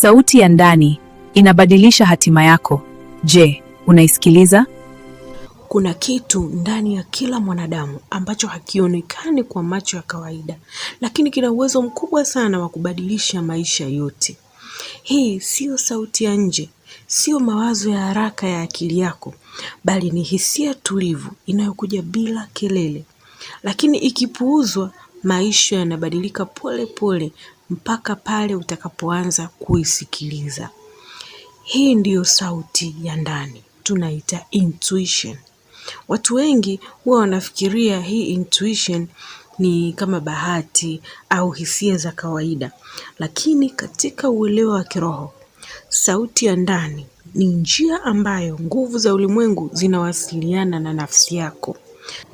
Sauti ya ndani inabadilisha hatima yako. Je, unaisikiliza? Kuna kitu ndani ya kila mwanadamu ambacho hakionekani kwa macho ya kawaida, lakini kina uwezo mkubwa sana wa kubadilisha maisha yote. Hii siyo sauti ya nje, siyo mawazo ya haraka ya akili yako, bali ni hisia tulivu inayokuja bila kelele. Lakini ikipuuzwa, maisha yanabadilika pole pole mpaka pale utakapoanza kuisikiliza. Hii ndiyo sauti ya ndani tunaita intuition. Watu wengi huwa wanafikiria hii intuition ni kama bahati au hisia za kawaida, lakini katika uelewa wa kiroho, sauti ya ndani ni njia ambayo nguvu za ulimwengu zinawasiliana na nafsi yako.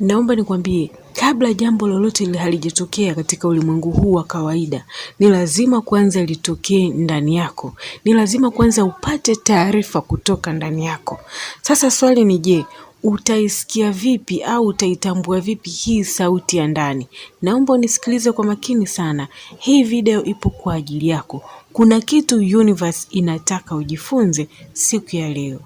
Naomba nikwambie, kabla jambo lolote halijatokea katika ulimwengu huu wa kawaida, ni lazima kwanza litokee ndani yako, ni lazima kwanza upate taarifa kutoka ndani yako. Sasa swali ni je, utaisikia vipi au utaitambua vipi hii sauti ya ndani? Naomba unisikilize kwa makini sana. Hii video ipo kwa ajili yako. Kuna kitu universe inataka ujifunze siku ya leo.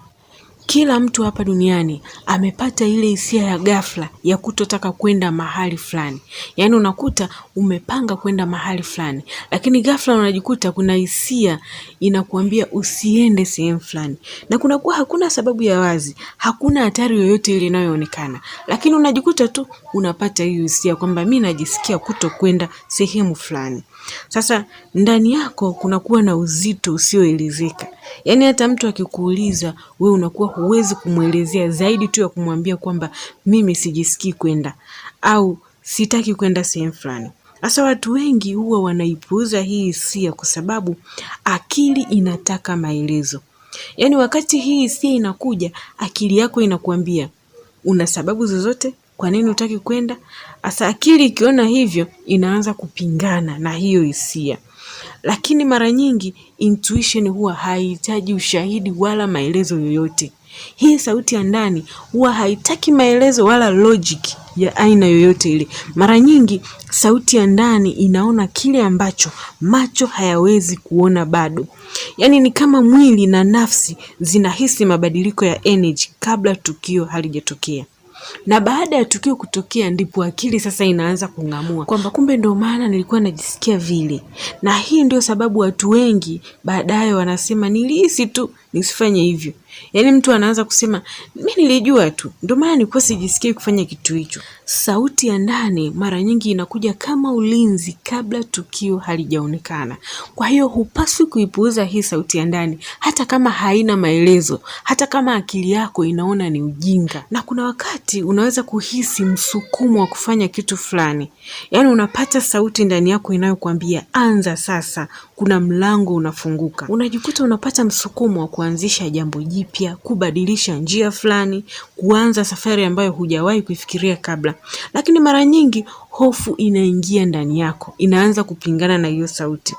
Kila mtu hapa duniani amepata ile hisia ya ghafla ya kutotaka kwenda mahali fulani, yaani unakuta umepanga kwenda mahali fulani, lakini ghafla unajikuta kuna hisia inakuambia usiende sehemu fulani, na kunakuwa hakuna sababu ya wazi, hakuna hatari yoyote ile inayoonekana, lakini unajikuta tu unapata hiyo hisia kwamba mi najisikia kutokwenda sehemu fulani. Sasa ndani yako kunakuwa na uzito usioelezeka, yaani hata mtu akikuuliza wewe unakuwa huwezi kumwelezea zaidi tu ya kumwambia kwamba mimi sijisikii kwenda au sitaki kwenda sehemu fulani. Sasa watu wengi huwa wanaipuuza hii hisia kwa sababu akili inataka maelezo. Yaani wakati hii hisia inakuja, akili yako inakuambia una sababu zozote kwa nini hutaki kwenda Hasa akili ikiona hivyo inaanza kupingana na hiyo hisia, lakini mara nyingi intuition huwa haihitaji ushahidi wala maelezo yoyote. Hii sauti ya ndani huwa haitaki maelezo wala logic ya aina yoyote ile. Mara nyingi sauti ya ndani inaona kile ambacho macho hayawezi kuona bado. Yaani ni kama mwili na nafsi zinahisi mabadiliko ya energy kabla tukio halijatokea na baada ya tukio kutokea ndipo akili sasa inaanza kung'amua kwamba kumbe ndio maana nilikuwa najisikia vile, na hii ndio sababu watu wengi baadaye wanasema nilihisi tu nisifanye hivyo. Yaani mtu anaanza kusema mi nilijua tu, ndio maana nilikuwa sijisikii kufanya kitu hicho. Sauti ya ndani mara nyingi inakuja kama ulinzi kabla tukio halijaonekana. Kwa hiyo hupaswi kuipuuza hii sauti ya ndani, hata kama haina maelezo, hata kama akili yako inaona ni ujinga. Na kuna wakati unaweza kuhisi msukumo wa kufanya kitu fulani, yaani unapata sauti ndani yako inayokuambia anza sasa kuna mlango unafunguka. Unajikuta unapata msukumo wa kuanzisha jambo jipya, kubadilisha njia fulani, kuanza safari ambayo hujawahi kuifikiria kabla. Lakini mara nyingi hofu inaingia ndani yako, inaanza kupingana na hiyo sauti.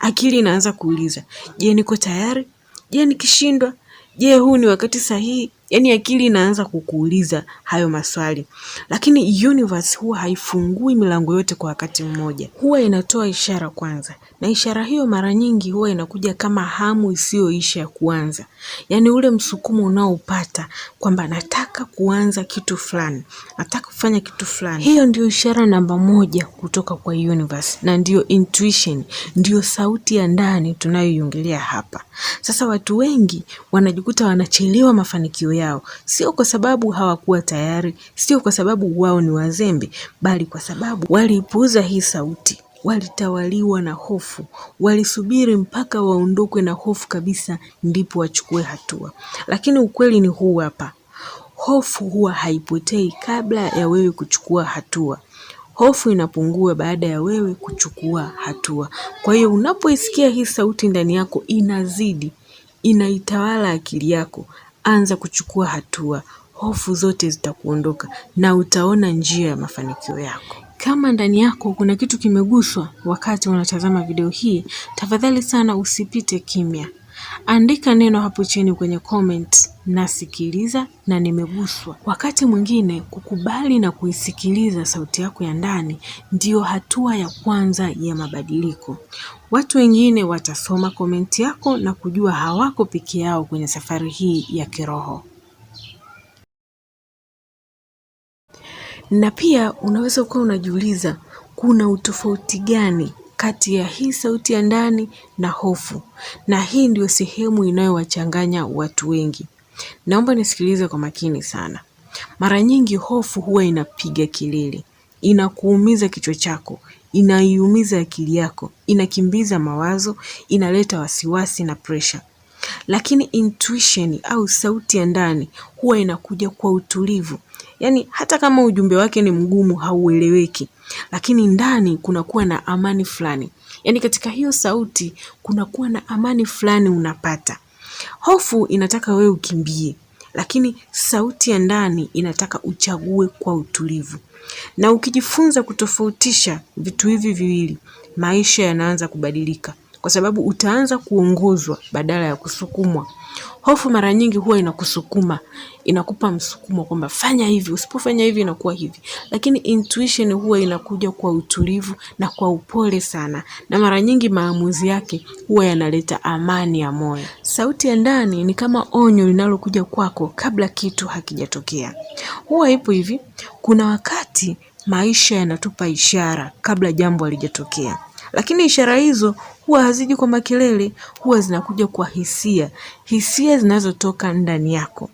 Akili inaanza kuuliza, je, niko tayari? Je, nikishindwa? Je, huu ni wakati sahihi? yani akili inaanza kukuuliza hayo maswali, lakini universe huwa haifungui milango yote kwa wakati mmoja, huwa inatoa ishara kwanza, na ishara hiyo mara nyingi huwa inakuja kama hamu isiyoisha ya kuanza, yaani ule msukumo unaopata kwamba nataka kuanza kitu fulani, nataka kufanya kitu fulani. Hiyo ndio ishara namba moja kutoka kwa universe, na ndiyo intuition, ndiyo sauti ya ndani tunayoiongelea hapa. Sasa watu wengi wanajikuta wanachelewa mafanikio yao, sio kwa sababu hawakuwa tayari, sio kwa sababu wao ni wazembe, bali kwa sababu walipuuza hii sauti. Walitawaliwa na hofu, walisubiri mpaka waondokwe na hofu kabisa, ndipo wachukue hatua. Lakini ukweli ni huu hapa, hofu huwa haipotei kabla ya wewe kuchukua hatua. Hofu inapungua baada ya wewe kuchukua hatua. Kwa hiyo unapoisikia hii sauti ndani yako, inazidi, inaitawala akili yako anza kuchukua hatua, hofu zote zitakuondoka na utaona njia ya mafanikio yako. Kama ndani yako kuna kitu kimeguswa wakati unatazama video hii, tafadhali sana usipite kimya. Andika neno hapo chini kwenye comment nasikiliza na nimeguswa. Wakati mwingine kukubali na kuisikiliza sauti yako ya ndani ndiyo hatua ya kwanza ya mabadiliko. Watu wengine watasoma komenti yako na kujua hawako peke yao kwenye safari hii ya kiroho. Na pia unaweza ukawa unajiuliza kuna utofauti gani kati ya hii sauti ya ndani na hofu, na hii ndio sehemu inayowachanganya watu wengi. Naomba nisikilize kwa makini sana. Mara nyingi hofu huwa inapiga kelele, inakuumiza kichwa chako, inaiumiza akili yako, inakimbiza mawazo, inaleta wasiwasi na presha. Lakini intuition au sauti ya ndani huwa inakuja kwa utulivu, yaani hata kama ujumbe wake ni mgumu, haueleweki, lakini ndani kunakuwa na amani fulani, yaani katika hiyo sauti kunakuwa na amani fulani unapata. Hofu inataka wewe ukimbie, lakini sauti ya ndani inataka uchague kwa utulivu na ukijifunza kutofautisha vitu hivi viwili, maisha yanaanza kubadilika kwa sababu utaanza kuongozwa badala ya kusukumwa. Hofu mara nyingi huwa inakusukuma, inakupa msukumo kwamba fanya hivi, usipofanya hivi inakuwa hivi, lakini intuition huwa inakuja kwa utulivu na kwa upole sana, na mara nyingi maamuzi yake huwa yanaleta amani ya moyo. Sauti ya ndani ni kama onyo linalokuja kwako kabla kitu hakijatokea. Huwa ipo hivi, kuna wakati maisha yanatupa ishara kabla jambo halijatokea. Lakini ishara hizo huwa haziji kwa makelele, huwa zinakuja kwa hisia, hisia zinazotoka ndani yako.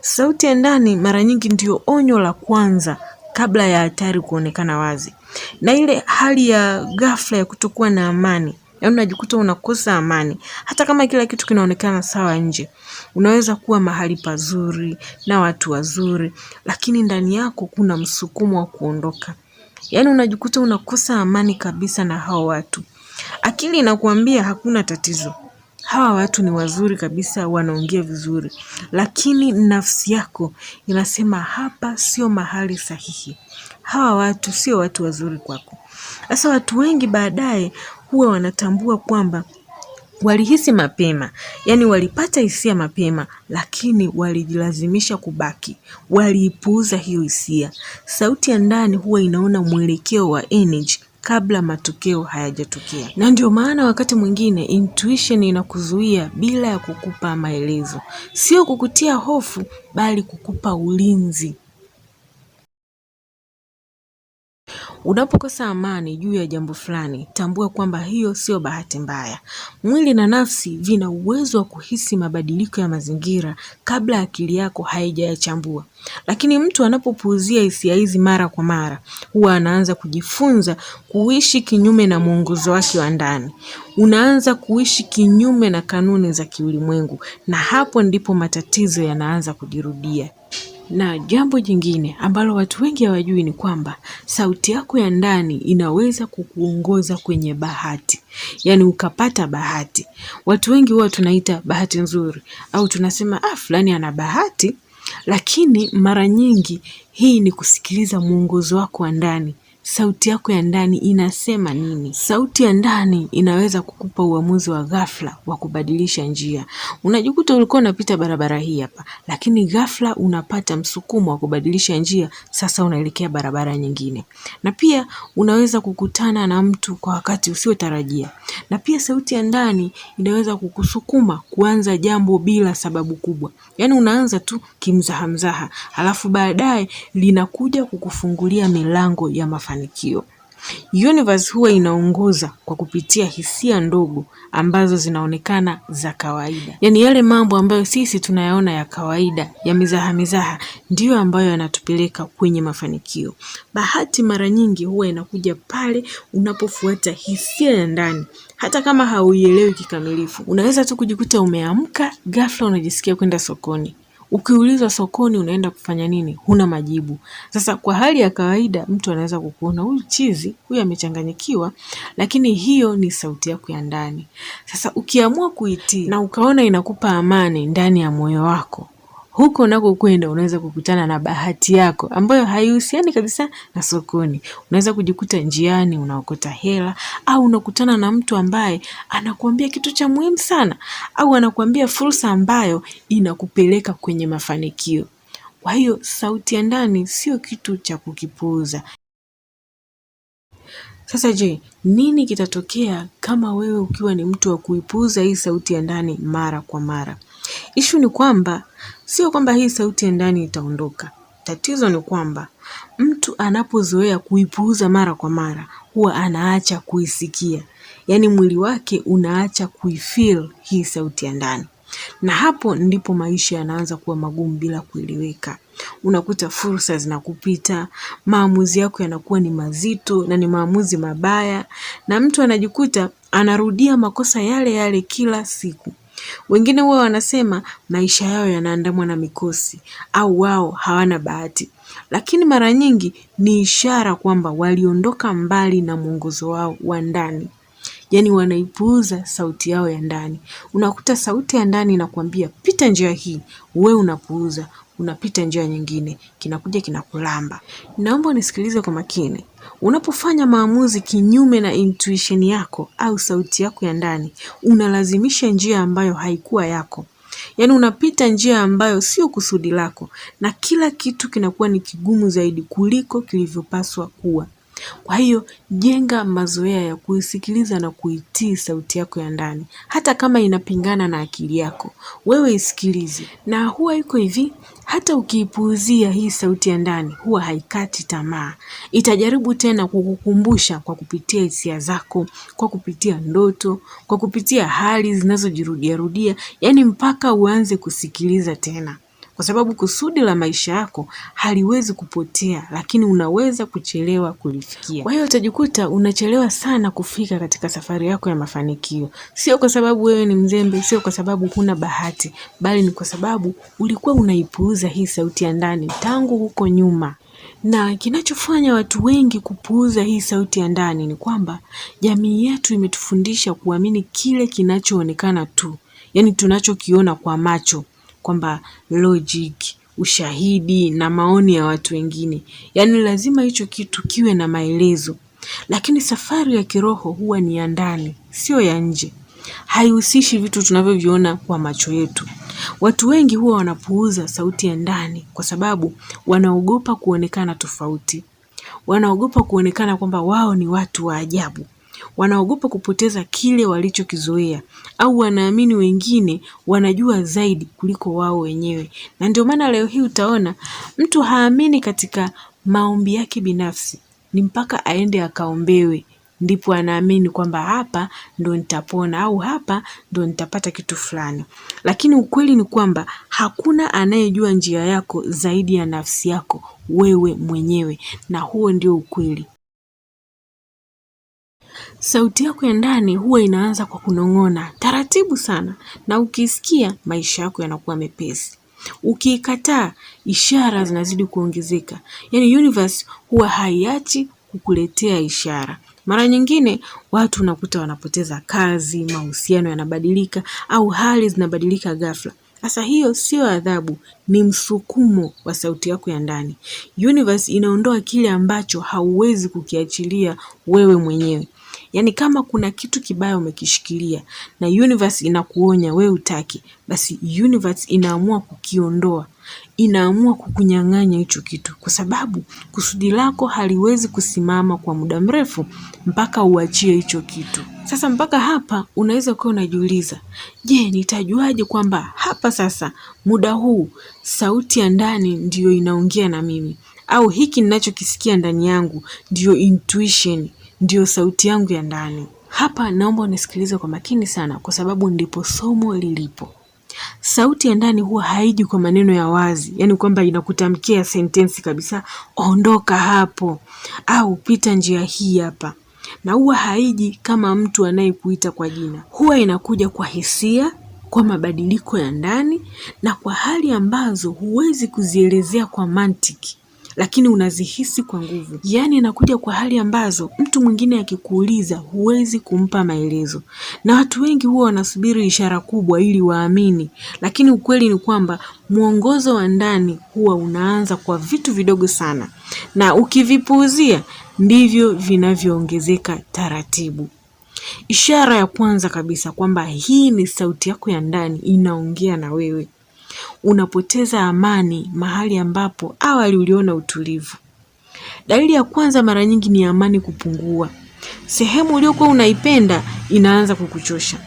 Sauti ya ndani mara nyingi ndiyo onyo la kwanza kabla ya hatari kuonekana wazi, na ile hali ya ghafla ya kutokuwa na amani yaani unajikuta unakosa amani hata kama kila kitu kinaonekana sawa nje. Unaweza kuwa mahali pazuri na watu wazuri, lakini ndani yako kuna msukumo wa kuondoka yaani unajikuta unakosa amani kabisa na hao watu akili inakuambia hakuna tatizo hawa watu ni wazuri kabisa wanaongea vizuri lakini nafsi yako inasema hapa sio mahali sahihi hawa watu sio watu wazuri kwako sasa watu wengi baadaye huwa wanatambua kwamba walihisi mapema, yani walipata hisia mapema, lakini walijilazimisha kubaki, waliipuuza hiyo hisia. Sauti ya ndani huwa inaona mwelekeo wa energy kabla matokeo hayajatokea, na ndio maana wakati mwingine intuition inakuzuia bila ya kukupa maelezo, sio kukutia hofu, bali kukupa ulinzi. Unapokosa amani juu ya jambo fulani, tambua kwamba hiyo sio bahati mbaya. Mwili na nafsi vina uwezo wa kuhisi mabadiliko ya mazingira kabla akili yako haijayachambua. Lakini mtu anapopuuzia hisia hizi mara kwa mara, huwa anaanza kujifunza kuishi kinyume na mwongozo wake wa ndani. Unaanza kuishi kinyume na kanuni za kiulimwengu, na hapo ndipo matatizo yanaanza kujirudia. Na jambo jingine ambalo watu wengi hawajui ni kwamba sauti yako ya ndani inaweza kukuongoza kwenye bahati, yaani ukapata bahati. Watu wengi huwa tunaita bahati nzuri au tunasema ah, fulani ana bahati, lakini mara nyingi hii ni kusikiliza mwongozo wako wa ndani sauti yako ya ndani inasema nini. Sauti ya ndani inaweza kukupa uamuzi wa ghafla wa kubadilisha njia. Unajikuta ulikuwa unapita barabara hii hapa, lakini ghafla unapata msukumo wa kubadilisha njia, sasa unaelekea barabara nyingine. Na pia unaweza kukutana na mtu kwa wakati usiotarajia, na pia sauti ya ndani inaweza kukusukuma kuanza jambo bila sababu kubwa. Yaani unaanza tu kimzahamzaha, halafu baadaye linakuja kukufungulia milango ya mafanikio mafanikio. Universe huwa inaongoza kwa kupitia hisia ndogo ambazo zinaonekana za kawaida, yaani yale mambo ambayo sisi tunayaona ya kawaida ya mizaha mizaha ndiyo ambayo yanatupeleka kwenye mafanikio. Bahati mara nyingi huwa inakuja pale unapofuata hisia ya ndani, hata kama hauielewi kikamilifu. Unaweza tu kujikuta umeamka ghafla unajisikia kwenda sokoni, Ukiulizwa sokoni unaenda kufanya nini, huna majibu. Sasa kwa hali ya kawaida, mtu anaweza kukuona huyu chizi, huyu amechanganyikiwa, lakini hiyo ni sauti yako ya ndani. Sasa ukiamua kuitii na ukaona inakupa amani ndani ya moyo wako, huko unakokwenda unaweza kukutana na bahati yako ambayo haihusiani kabisa na sokoni. Unaweza kujikuta njiani unaokota hela au unakutana na mtu ambaye anakuambia kitu cha muhimu sana au anakuambia fursa ambayo inakupeleka kwenye mafanikio. Kwa hiyo sauti ya ndani sio kitu cha kukipuuza. Sasa je, nini kitatokea kama wewe ukiwa ni mtu wa kuipuuza hii sauti ya ndani mara kwa mara? Ishu ni kwamba sio kwamba hii sauti ya ndani itaondoka. Tatizo ni kwamba mtu anapozoea kuipuuza mara kwa mara, huwa anaacha kuisikia, yaani mwili wake unaacha kuifeel hii sauti ya ndani, na hapo ndipo maisha yanaanza kuwa magumu bila kueleweka. Unakuta fursa zinakupita, maamuzi yako yanakuwa ni mazito na ni maamuzi mabaya, na mtu anajikuta anarudia makosa yale yale kila siku. Wengine huwa wanasema maisha yao yanaandamwa na mikosi au wao hawana bahati, lakini mara nyingi ni ishara kwamba waliondoka mbali na mwongozo wao wa ndani, yaani wanaipuuza sauti yao ya ndani. Unakuta sauti ya ndani inakwambia pita njia hii, wewe unapuuza, unapita njia nyingine, kinakuja kinakulamba. Naomba unisikilize kwa makini. Unapofanya maamuzi kinyume na intuition yako au sauti yako ya ndani, unalazimisha njia ambayo haikuwa yako. Yaani unapita njia ambayo sio kusudi lako na kila kitu kinakuwa ni kigumu zaidi kuliko kilivyopaswa kuwa. Kwa hiyo jenga mazoea ya kuisikiliza na kuitii sauti yako ya ndani, hata kama inapingana na akili yako, wewe isikilize. Na huwa iko hivi, hata ukiipuuzia hii sauti ya ndani, huwa haikati tamaa. Itajaribu tena kukukumbusha kwa kupitia hisia zako, kwa kupitia ndoto, kwa kupitia hali zinazojirudiarudia, yaani mpaka uanze kusikiliza tena kwa sababu kusudi la maisha yako haliwezi kupotea, lakini unaweza kuchelewa kulifikia. Kwa hiyo utajikuta unachelewa sana kufika katika safari yako ya mafanikio, sio kwa sababu wewe ni mzembe, sio kwa sababu huna bahati, bali ni kwa sababu ulikuwa unaipuuza hii sauti ya ndani tangu huko nyuma na kinachofanya watu wengi kupuuza hii sauti ya ndani ni kwamba jamii yetu imetufundisha kuamini kile kinachoonekana tu, yaani tunachokiona kwa macho, kwamba logic ushahidi na maoni ya watu wengine, yaani lazima hicho kitu kiwe na maelezo. Lakini safari ya kiroho huwa ni ya ndani, sio ya nje, haihusishi vitu tunavyoviona kwa macho yetu. Watu wengi huwa wanapuuza sauti ya ndani kwa sababu wanaogopa kuonekana tofauti, wanaogopa kuonekana kwamba wao ni watu wa ajabu wanaogopa kupoteza kile walichokizoea au wanaamini wengine wanajua zaidi kuliko wao wenyewe. Na ndio maana leo hii utaona mtu haamini katika maombi yake binafsi, ni mpaka aende akaombewe ndipo anaamini kwamba hapa ndo nitapona au hapa ndo nitapata kitu fulani. Lakini ukweli ni kwamba hakuna anayejua njia yako zaidi ya nafsi yako wewe mwenyewe, na huo ndio ukweli sauti yako ya ndani huwa inaanza kwa kunong'ona taratibu sana, na ukisikia maisha yako yanakuwa mepesi. Ukiikataa, ishara zinazidi kuongezeka. Yaani universe huwa haiachi kukuletea ishara. Mara nyingine watu unakuta wanapoteza kazi, mahusiano yanabadilika au hali zinabadilika ghafla. Sasa hiyo sio adhabu, ni msukumo wa sauti yako ya ndani. Universe inaondoa kile ambacho hauwezi kukiachilia wewe mwenyewe yani kama kuna kitu kibaya umekishikilia na universe inakuonya we utaki basi universe inaamua kukiondoa, inaamua kukunyang'anya hicho kitu, kwa sababu kusudi lako haliwezi kusimama kwa muda mrefu mpaka uachie hicho kitu. Sasa mpaka hapa unaweza ukiwa unajiuliza, je, nitajuaje kwamba hapa sasa muda huu sauti ya ndani ndiyo inaongea na mimi au hiki ninachokisikia ndani yangu ndiyo intuition ndio sauti yangu ya ndani. Hapa naomba unisikilize kwa makini sana, kwa sababu ndipo somo lilipo. Sauti ya ndani huwa haiji kwa maneno ya wazi, yaani kwamba inakutamkia sentensi kabisa, ondoka hapo au pita njia hii hapa, na huwa haiji kama mtu anayekuita kwa jina. Huwa inakuja kwa hisia, kwa mabadiliko ya ndani na kwa hali ambazo huwezi kuzielezea kwa mantiki lakini unazihisi kwa nguvu. Yaani inakuja kwa hali ambazo mtu mwingine akikuuliza huwezi kumpa maelezo, na watu wengi huwa wanasubiri ishara kubwa ili waamini, lakini ukweli ni kwamba mwongozo wa ndani huwa unaanza kwa vitu vidogo sana, na ukivipuuzia ndivyo vinavyoongezeka taratibu. Ishara ya kwanza kabisa kwamba hii ni sauti yako ya ndani inaongea na wewe unapoteza amani mahali ambapo awali uliona utulivu. Dalili ya kwanza mara nyingi ni amani kupungua. Sehemu uliyokuwa unaipenda inaanza kukuchosha.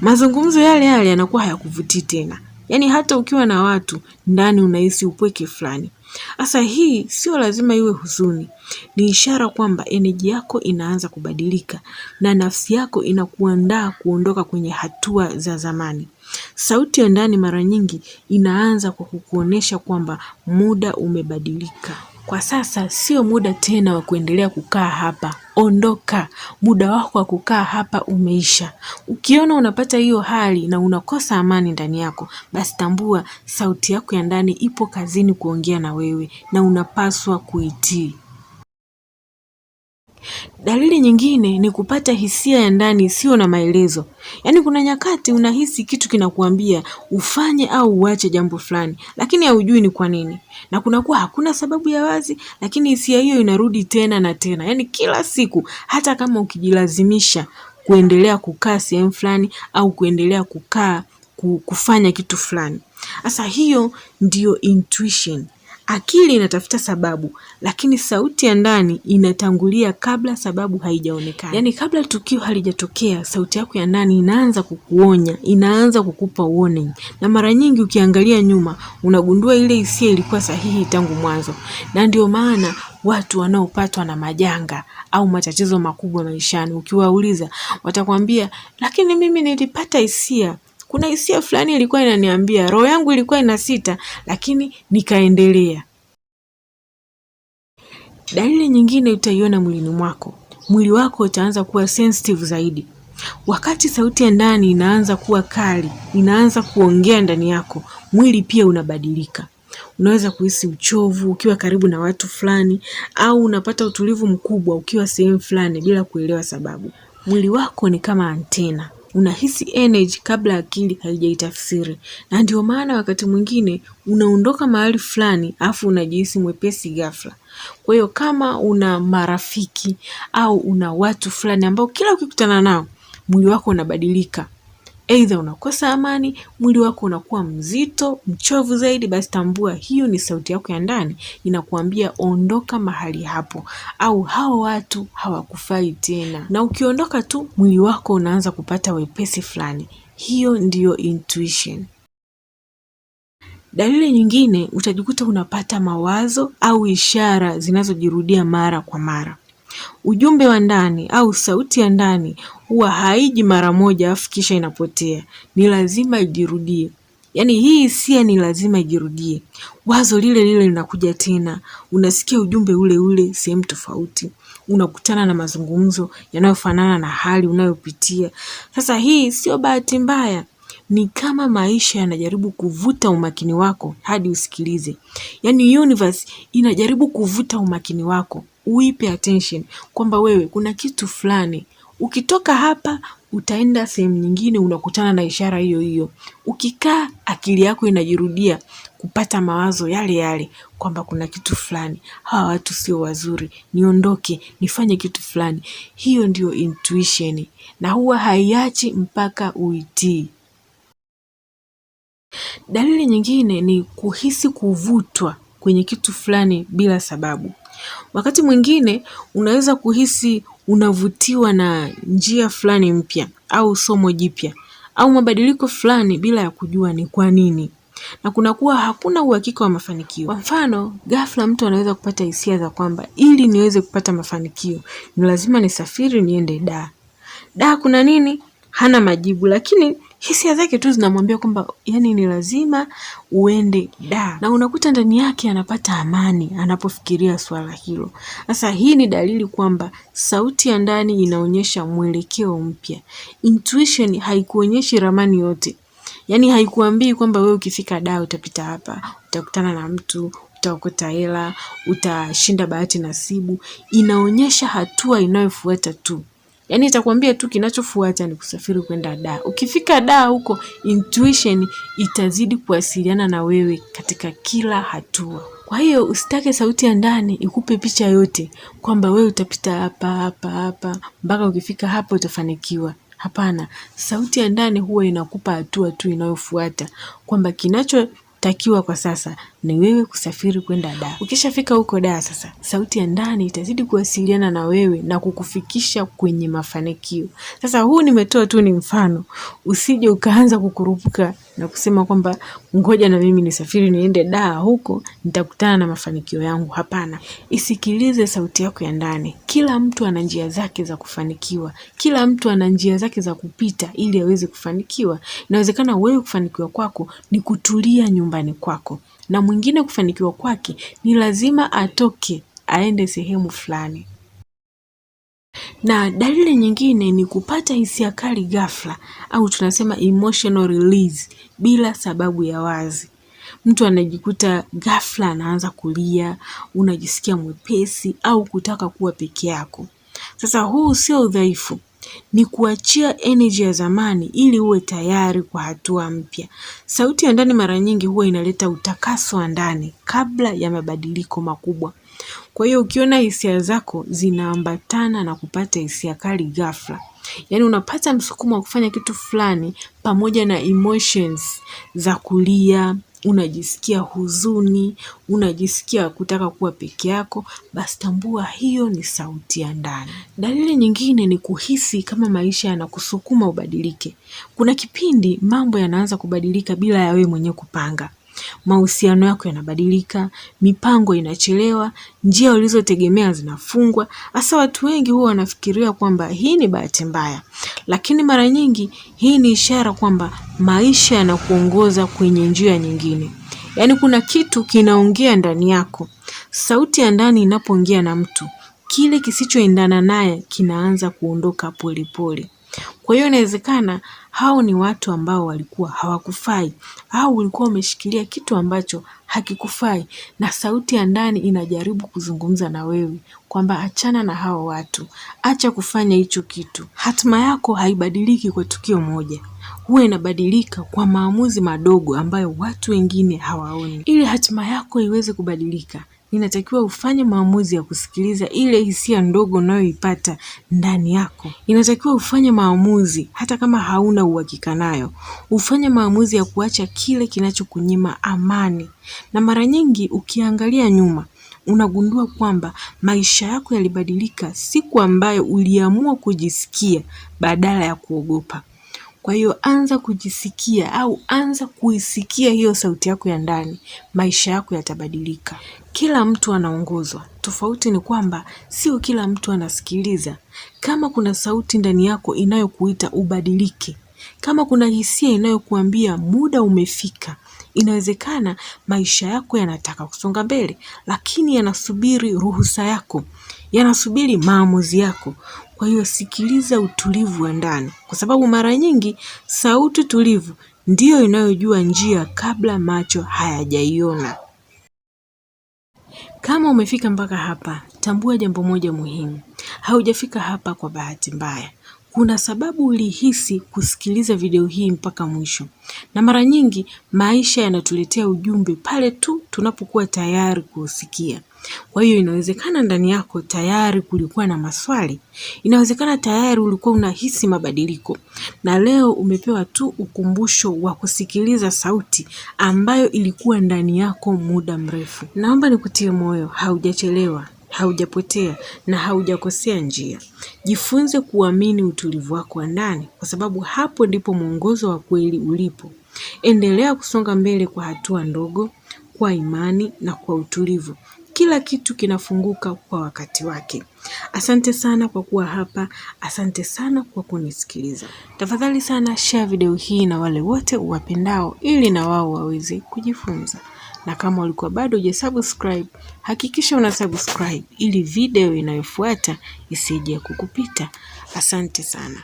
Mazungumzo yale yale yanakuwa hayakuvutii tena, yaani hata ukiwa na watu ndani unahisi upweke fulani. Sasa hii sio lazima iwe huzuni, ni ishara kwamba eneji yako inaanza kubadilika na nafsi yako inakuandaa kuondoka kwenye hatua za zamani. Sauti ya ndani mara nyingi inaanza kwa kukuonesha kwamba muda umebadilika. Kwa sasa sio muda tena wa kuendelea kukaa hapa, ondoka. Muda wako wa kukaa hapa umeisha. Ukiona unapata hiyo hali na unakosa amani ndani yako, basi tambua sauti yako ya ndani ipo kazini kuongea na wewe na unapaswa kuitii. Dalili nyingine ni kupata hisia ya ndani isiyo na maelezo, yaani kuna nyakati unahisi kitu kinakuambia ufanye au uache jambo fulani, lakini haujui ni kwa nini, na kunakuwa hakuna sababu ya wazi, lakini hisia hiyo inarudi tena na tena, yaani kila siku, hata kama ukijilazimisha kuendelea kukaa sehemu fulani au kuendelea kukaa kufanya kitu fulani. Sasa hiyo ndiyo intuition. Akili inatafuta sababu, lakini sauti ya ndani inatangulia kabla sababu haijaonekana. Yaani, kabla tukio halijatokea, sauti yako ya ndani inaanza kukuonya, inaanza kukupa warning. Na mara nyingi ukiangalia nyuma, unagundua ile hisia ilikuwa sahihi tangu mwanzo. Na ndio maana watu wanaopatwa na majanga au matatizo makubwa maishani, ukiwauliza watakwambia, lakini mimi nilipata hisia kuna hisia fulani ilikuwa inaniambia, roho yangu ilikuwa inasita, lakini nikaendelea. Dalili nyingine utaiona mwilini mwako. Mwili wako utaanza kuwa sensitive zaidi. Wakati sauti ya ndani inaanza kuwa kali, inaanza kuongea ndani yako, mwili pia unabadilika. Unaweza kuhisi uchovu ukiwa karibu na watu fulani, au unapata utulivu mkubwa ukiwa sehemu fulani bila kuelewa sababu. Mwili wako ni kama antena unahisi energy kabla akili haijaitafsiri, na ndio maana wakati mwingine unaondoka mahali fulani afu unajihisi mwepesi ghafla. Kwa hiyo kama una marafiki au una watu fulani ambao kila ukikutana nao mwili wako unabadilika, Aidha unakosa amani, mwili wako unakuwa mzito, mchovu zaidi, basi tambua hiyo ni sauti yako ya ndani inakuambia ondoka mahali hapo, au hao watu hawakufai tena. Na ukiondoka tu, mwili wako unaanza kupata wepesi fulani. Hiyo ndiyo intuition. Dalili nyingine, utajikuta unapata mawazo au ishara zinazojirudia mara kwa mara. Ujumbe wa ndani au sauti ya ndani huwa haiji mara moja afu kisha inapotea, ni lazima ijirudie. Yaani hii hisia ni lazima ijirudie, wazo lile lile linakuja tena, unasikia ujumbe ule ule sehemu tofauti, unakutana na mazungumzo yanayofanana na hali unayopitia. Sasa hii sio bahati mbaya, ni kama maisha yanajaribu kuvuta umakini wako hadi usikilize, yaani universe inajaribu kuvuta umakini wako uipe attention kwamba wewe kuna kitu fulani, ukitoka hapa utaenda sehemu nyingine, unakutana na ishara hiyo hiyo. Ukikaa akili yako inajirudia kupata mawazo yale yale kwamba kuna kitu fulani, hawa watu sio wazuri, niondoke, nifanye kitu fulani. Hiyo ndiyo intuition, na huwa haiachi mpaka uitii. Dalili nyingine ni kuhisi kuvutwa kwenye kitu fulani bila sababu. Wakati mwingine unaweza kuhisi unavutiwa na njia fulani mpya au somo jipya au mabadiliko fulani bila ya kujua ni kwa nini na kunakuwa hakuna uhakika wa mafanikio. Kwa mfano, ghafla mtu anaweza kupata hisia za kwamba ili niweze kupata mafanikio ni lazima nisafiri niende da. Da kuna nini? Hana majibu, lakini hisia zake tu zinamwambia kwamba yani ni lazima uende da, na unakuta ndani yake anapata amani anapofikiria swala hilo. Sasa hii ni dalili kwamba sauti ya ndani inaonyesha mwelekeo mpya. Intuition haikuonyeshi ramani yote, yani haikuambii kwamba wewe ukifika da utapita hapa, utakutana na mtu utaokota hela, utashinda bahati nasibu. Inaonyesha hatua inayofuata tu. Yaani itakwambia tu kinachofuata ni kusafiri kwenda da. Ukifika da huko, intuition itazidi kuwasiliana na wewe katika kila hatua. Kwa hiyo usitake sauti ya ndani ikupe picha yote kwamba wewe utapita hapa hapa hapa mpaka ukifika hapa utafanikiwa. Hapana, sauti ya ndani huwa inakupa hatua tu inayofuata kwamba kinachotakiwa kwa sasa ni wewe kusafiri kwenda Dar. Ukishafika huko Da, sasa, sauti ya ndani itazidi kuwasiliana na wewe na kukufikisha kwenye mafanikio. Sasa huu nimetoa tu ni mfano, usije ukaanza kukurupuka na kusema kwamba ngoja na mimi nisafiri niende Da, huko nitakutana na mafanikio yangu. Hapana, isikilize sauti yako ya ndani. Kila mtu ana njia zake za kufanikiwa, kila mtu ana njia zake za kupita ili aweze kufanikiwa. Inawezekana wewe kufanikiwa kwako ni kutulia nyumbani kwako na mwingine kufanikiwa kwake ni lazima atoke aende sehemu fulani. Na dalili nyingine ni kupata hisia kali ghafla au tunasema emotional release bila sababu ya wazi. Mtu anajikuta ghafla anaanza kulia, unajisikia mwepesi au kutaka kuwa peke yako. Sasa huu sio udhaifu, ni kuachia energy ya zamani ili uwe tayari kwa hatua mpya. Sauti ya ndani mara nyingi huwa inaleta utakaso wa ndani kabla ya mabadiliko makubwa. Kwa hiyo ukiona hisia zako zinaambatana na kupata hisia kali ghafla, yaani unapata msukumo wa kufanya kitu fulani pamoja na emotions za kulia, unajisikia huzuni, unajisikia kutaka kuwa peke yako, basi tambua hiyo ni sauti ya ndani. Dalili nyingine ni kuhisi kama maisha yanakusukuma ubadilike. Kuna kipindi mambo yanaanza kubadilika bila ya wewe mwenyewe kupanga mahusiano yako yanabadilika, mipango inachelewa, njia ulizotegemea zinafungwa. Hasa watu wengi huwa wanafikiria kwamba hii ni bahati mbaya, lakini mara nyingi hii ni ishara kwamba maisha yanakuongoza kwenye njia nyingine. Yaani kuna kitu kinaongea ndani yako. Sauti ya ndani inapoongea na mtu, kile kisichoendana naye kinaanza kuondoka polepole. Kwa hiyo inawezekana hao ni watu ambao walikuwa hawakufai au ulikuwa umeshikilia kitu ambacho hakikufai na sauti ya ndani inajaribu kuzungumza na wewe kwamba achana na hao watu, acha kufanya hicho kitu. Hatima yako haibadiliki kwa tukio moja, huwa inabadilika kwa maamuzi madogo ambayo watu wengine hawaoni. Ili hatima yako iweze kubadilika, inatakiwa ufanye maamuzi ya kusikiliza ile hisia ndogo unayoipata ndani yako. Inatakiwa ufanye maamuzi hata kama hauna uhakika nayo, ufanye maamuzi ya kuacha kile kinachokunyima amani. Na mara nyingi ukiangalia nyuma unagundua kwamba maisha yako yalibadilika siku ambayo uliamua kujisikia badala ya kuogopa. Kwa hiyo anza kujisikia au anza kuisikia hiyo sauti yako ya ndani, maisha yako yatabadilika. Kila mtu anaongozwa. Tofauti ni kwamba sio kila mtu anasikiliza. Kama kuna sauti ndani yako inayokuita ubadilike, kama kuna hisia inayokuambia muda umefika, inawezekana maisha yako yanataka kusonga mbele, lakini yanasubiri ruhusa yako, yanasubiri maamuzi yako. Kwa hiyo sikiliza utulivu wa ndani, kwa sababu mara nyingi sauti tulivu ndiyo inayojua njia kabla macho hayajaiona. Kama umefika mpaka hapa, tambua jambo moja muhimu: haujafika hapa kwa bahati mbaya. Kuna sababu ulihisi kusikiliza video hii mpaka mwisho, na mara nyingi maisha yanatuletea ujumbe pale tu tunapokuwa tayari kuusikia. Kwa hiyo inawezekana ndani yako tayari kulikuwa na maswali, inawezekana tayari ulikuwa unahisi mabadiliko, na leo umepewa tu ukumbusho wa kusikiliza sauti ambayo ilikuwa ndani yako muda mrefu. Naomba nikutie moyo, haujachelewa, haujapotea na haujakosea njia. Jifunze kuamini utulivu wako wa ndani kwa sababu hapo ndipo mwongozo wa kweli ulipo. Endelea kusonga mbele kwa hatua ndogo, kwa imani na kwa utulivu kila kitu kinafunguka kwa wakati wake. Asante sana kwa kuwa hapa, asante sana kwa kunisikiliza. Tafadhali sana share video hii na wale wote uwapendao, ili na wao waweze kujifunza. Na kama ulikuwa bado hujasubscribe, hakikisha unasubscribe ili video inayofuata isije kukupita. Asante sana.